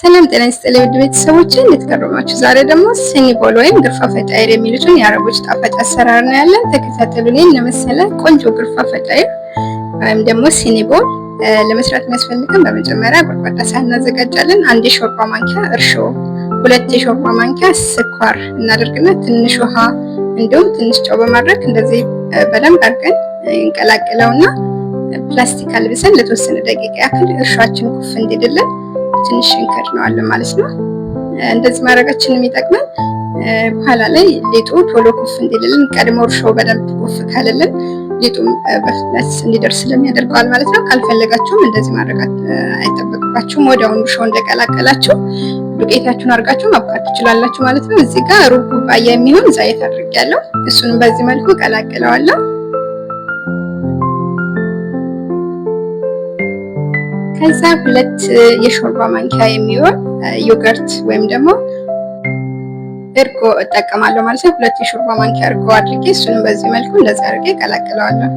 ሰላም ጤና ይስጥልኝ ውድ ቤተሰቦች፣ እንዴት ከረማችሁ? ዛሬ ደግሞ ሲኒቦል ወይም ግርፋ ፈጣይር የሚሉትን የአረቦች ጣፋጭ አሰራር ነው ያለን። ተከታተሉኝ። ለመሰለ ቆንጆ ግርፋ ፈጣይር ወይም ደግሞ ሲኒቦል ለመስራት የሚያስፈልገን በመጀመሪያ ጎድጓዳ ሳህን እናዘጋጃለን። አንድ የሾርባ ማንኪያ እርሾ፣ ሁለት የሾርባ ማንኪያ ስኳር እናደርግና ትንሽ ውሃ እንዲሁም ትንሽ ጨው በማድረግ እንደዚህ በደንብ አድርገን እንቀላቅለውና ፕላስቲክ አልብሰን ለተወሰነ ደቂቃ ያክል እርሾችን ኩፍ እንዲድልን ትንሽ እንከድነዋለን ማለት ነው። እንደዚህ ማድረጋችን የሚጠቅመን በኋላ ላይ ሊጡ ቶሎ ኩፍ እንዲልልን ቀድሞ እርሾ በደንብ ኩፍ ካልልን ሊጡም በፍጥነት እንዲደርስ ለሚያደርገዋል ማለት ነው። ካልፈለጋችሁም እንደዚህ ማድረጋት አይጠበቅባችሁም። ወዲያውኑ እርሾ እንደቀላቀላችሁ ዱቄታችሁን አድርጋችሁ ማብቃት ትችላላችሁ ማለት ነው። እዚህ ጋር ሩብ ኩባያ የሚሆን ዘይት አድርጌያለሁ። እሱንም በዚህ መልኩ ቀላቅለዋለሁ። ከዛ ሁለት የሾርባ ማንኪያ የሚሆን ዮገርት ወይም ደግሞ እርጎ እጠቀማለሁ ማለት ነው። ሁለት የሾርባ ማንኪያ እርጎ አድርጌ እሱንም በዚህ መልኩ እንደዚህ አድርጌ እቀላቅለዋለሁ።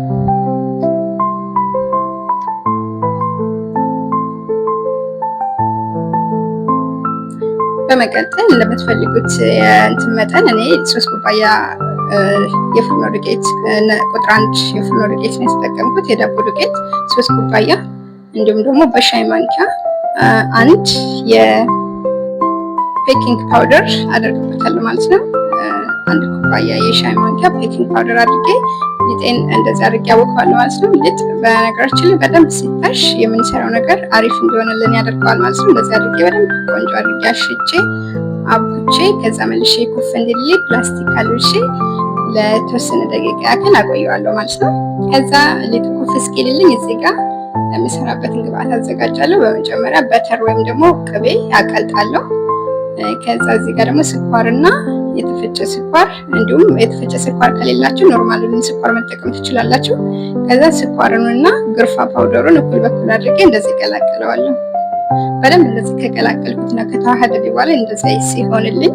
በመቀጠል ለምትፈልጉት የእንትን መጠን እኔ ሶስት ኩባያ የፉርኖ ዱቄት ቁጥር አንድ የፉርኖ ዱቄት ነው የተጠቀምኩት የዳቦ ዱቄት ሶስት ኩባያ እንዲሁም ደግሞ በሻይ ማንኪያ አንድ የፔኪንግ ፓውደር አደርግበታለሁ ማለት ነው። አንድ ኩባያ የሻይ ማንኪያ ፔኪንግ ፓውደር አድርጌ ሊጤን እንደዚህ አድርጌ ያወቀዋል ማለት ነው። ሊጥ በነገራችን ላይ በደንብ ሲታሽ የምንሰራው ነገር አሪፍ እንዲሆንልን ያደርገዋል ማለት ነው። እንደዚህ አድርጌ በደንብ ቆንጆ አድርጌ አሽቼ አቡቼ ከዛ መልሼ ኩፍ እንዲልይ ፕላስቲክ አልብሼ ለተወሰነ ደቂቃ ያክል አቆየዋለሁ ማለት ነው። ከዛ ሊጥ ኩፍ እስኪልልኝ እዚህ ጋር የምሰራበትን ግብአት አዘጋጃለሁ። በመጀመሪያ በተር ወይም ደግሞ ቅቤ አቀልጣለሁ። ከዛ እዚህ ጋር ደግሞ ስኳርና የተፈጨ ስኳር እንዲሁም የተፈጨ ስኳር ከሌላችሁ ኖርማሉን ስኳር መጠቀም ትችላላችሁ። ከዛ እና ግርፋ ፓውደሩን እኩል በኩል አድርጌ እንደዚህ እቀላቅለዋለሁ። በደንብ እንደዚህ ከቀላቀልኩትና ከተዋህደልኝ በኋላ እንደዚህ ሲሆንልኝ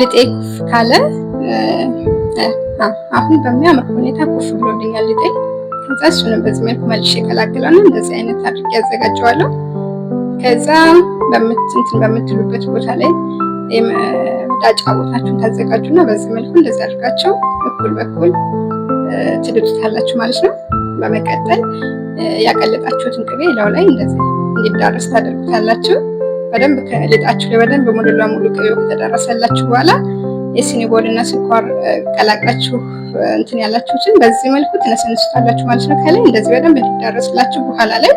ልጤ ኩፍ ካለ አሁን በሚያምር ሁኔታ ኩፍ ብሎልኛል ልጤ ከዛ እሱንም በዚህ መልኩ መልሼ እቀላቅለውና እንደዚህ አይነት አድርጌ ያዘጋጀዋለሁ። ከዛ በምትንትን በምትሉበት ቦታ ላይ ዳጫ ቦታችሁን ታዘጋጁና በዚህ መልኩ እንደዚህ አድርጋቸው እኩል በኩል ትድብታላችሁ ማለት ነው። በመቀጠል ያቀለጣችሁትን ቅቤ ለው ላይ እንደዚህ እንዲዳረስ ታደርጉታላችሁ። በደንብ ከልጣችሁ ላይ በደንብ ሙሉ ለሙሉ ቅቤው ከተዳረሰላችሁ በኋላ የሲኒቦል እና ስኳር ቀላቅላችሁ እንትን ያላችሁትን በዚህ መልኩ ትነሰንሱታላችሁ ማለት ነው። ከላይ እንደዚህ በደንብ እንዲዳረስላችሁ በኋላ ላይ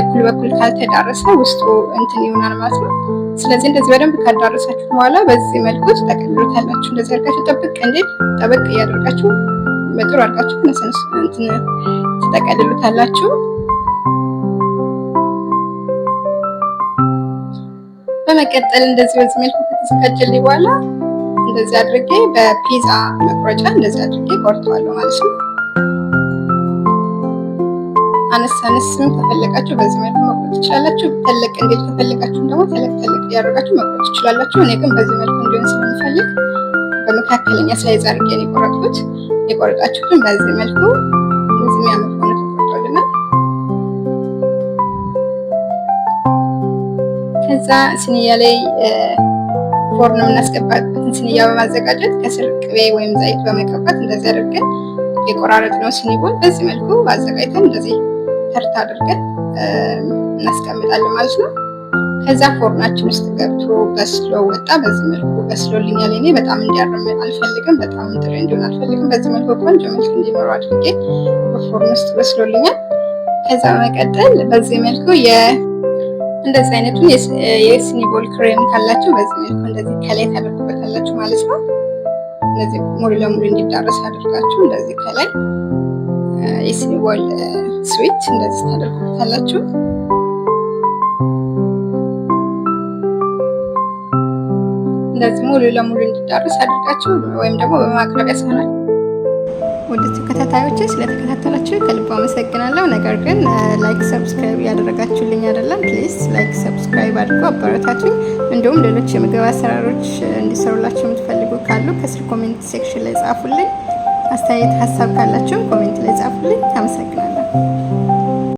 እኩል በኩል ካልተዳረሰ ውስጡ እንትን ይሆናል ማለት ነው። ስለዚህ እንደዚህ በደንብ ካዳረሳችሁ በኋላ በዚህ መልኩ ትጠቀልሉታላችሁ። እንደዚህ አድርጋችሁ ጠብቅ እንዴ ጠበቅ እያደርጋችሁ በጥሩ አድርጋችሁ ነሰንስ እንትን ትጠቀልሉታላችሁ። በመቀጠል እንደዚህ በዚህ መልኩ ከተዘጋጀልኝ በኋላ እንደዚህ አድርጌ በፒዛ መቁረጫ እንደዚህ አድርጌ ቆርጠዋለሁ ማለት ነው። አነስ አነስም ከፈለጋችሁ በዚህ መልኩ መቁረጥ ትችላላችሁ። ተለቅ እንዴት ተፈለጋችሁ ደግሞ ተለቅ ተለቅ እያደረጋችሁ መቁረጥ ትችላላችሁ። እኔ ግን በዚህ መልኩ እንዲሆን ስለምፈልግ በመካከለኛ ሳይዝ አድርጌ ነው የቆረጥኩት። የቆረጣችሁትን በዚህ መልኩ እዚህ የሚያምር ሆነ ተቆርጧልና ከዛ ስንያ ላይ ኮር ነው ቦርን የምናስገባበት ስንያ በማዘጋጀት ከስር ቅቤ ወይም ዘይት በመቀባት እንደዚህ አድርገን የቆራረጥ ነው ሲኒቦን በዚህ መልኩ አዘጋጅተን እንደዚህ ተርታ አድርገን እናስቀምጣለን ማለት ነው። ከዛ ፎርናችን ውስጥ ገብቶ በስሎ ወጣ። በዚህ መልኩ በስሎልኛል። እኔ በጣም እንዲያርም አልፈልግም፣ በጣም ጥሬ እንዲሆን አልፈልግም። በዚህ መልኩ ቆንጆ መልክ እንዲኖረው አድርጌ በፎርን ውስጥ በስሎልኛል። ከዛ በመቀጠል በዚህ መልኩ የ እንደዚህ አይነቱን የስኒቦል ክሬም ካላችሁ በዚህ መልኩ እንደዚህ ከላይ ታደርጉበታላችሁ ማለት ነው። እንደዚህ ሙሉ ለሙሉ እንዲዳረስ አድርጋችሁ እንደዚህ ከላይ የስኒቦል ስዊት እንደዚህ ታደርጉበታላችሁ። እንደዚህ ሙሉ ለሙሉ እንዲዳረስ አድርጋችሁ ወይም ደግሞ በማቅረቢያ ሳህናችሁ ውድ ተከታታዮች ስለተከታተላችሁ ከልብ አመሰግናለሁ። ነገር ግን ላይክ ሰብስክራይብ ያደረጋችሁልኝ አይደለም። ፕሊስ ላይክ ሰብስክራይብ አድርጎ አበረታቱኝ። እንዲሁም ሌሎች የምግብ አሰራሮች እንዲሰሩላቸው የምትፈልጉ ካሉ ከስር ኮሜንት ሴክሽን ላይ ጻፉልኝ። አስተያየት ሀሳብ ካላችሁም ኮሜንት ላይ ጻፉልኝ። አመሰግናለሁ።